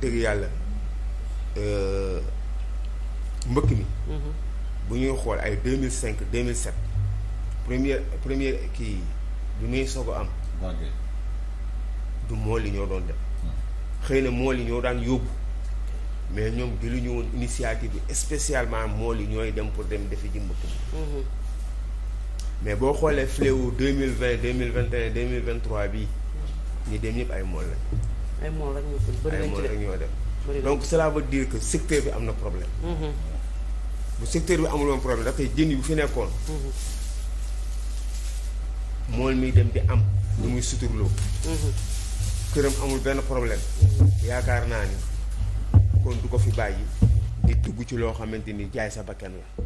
dëgg yàlla euh, mbëkk mi. Mm-hmm. bu ñuy xool ay deux mille cinq deux mille sept première première kii du muy soog am. du mool yi ñoo doon dem. Mm. xëy na mool yi ñoo daan yóbbu. mais ñoom jëluñu woon initiative bi spécialement mool yi ñooy dem pour dem defi ji mbëkk mm-hmm. mais boo xoolee fléau deux mille vingt deux mille vingt et un deux mille vingt trois bii. ñi dem ñëpp ay mool lañ. ay mool rek ñu bëri nañ ci rek ñoo def donc cela veut dire que secteur bi am na problème mhm. bu secteur bi amul woon problème dafay jën yi bu fi nekkoon mhm. mool miy dem di am lu muy suturloo mhm. këram amul benn problème yaakaar naa ni kon du ko fi bàyyi di dugg ci loo xamante ni jaay sa bakkan la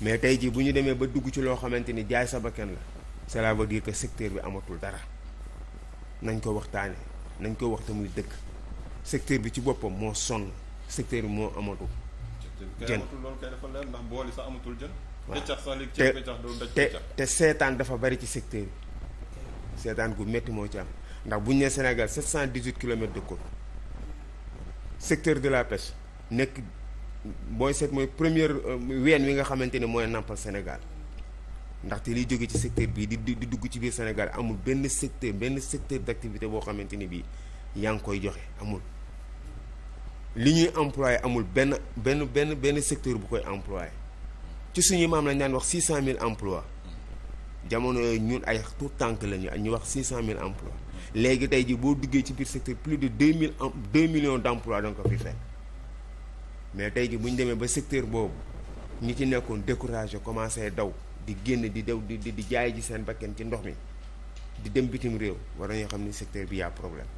mais tey jii bu ñu demee ba dugg ci loo xamante ni jaay sa bakken la cela veut dire que secteur bi amatul dara nañ ko waxtaanee nañ koy wax te muy dëkk secteur bi ci boppam moo sonn secteur bi moo amatul. jën loolu kay dafa amatul jën. waaw sax te te seetaan dafa bari ci secteur bi seetaan gu métti moo ci am ndax bu ñu nee Sénégal 718 kilomètres de côte secteur de la pêche nekk booy seet mooy première euh, ween wi nga xamante ne mooy nampal Sénégal. ndaxte liy jóge ci secteur bii di di dugg ci biir Sénégal amul benn secteur benn secteur d'activité boo xamante ni bii yaa ngi koy joxe amul. li ñuy employé amul benn benn benn benn secteur bu koy employé ci suñu maam lañ daan wax six cent mille emplois jamono yooyu ñun ay tout tànk la ñu ñu wax six cent mille emplois léegi day ji boo duggee ci biir secteur plus de deux mille deux millions d'emplois da nga ko fi fekk mais tey ji bu ñu demee ba secteur boobu ñi ci nekkoon découragé commencé daw di génn di dew di di jaay ji seen bakkan ci ndox mi di dem bitim réew war ñoo xam ni secteur bi y'a problème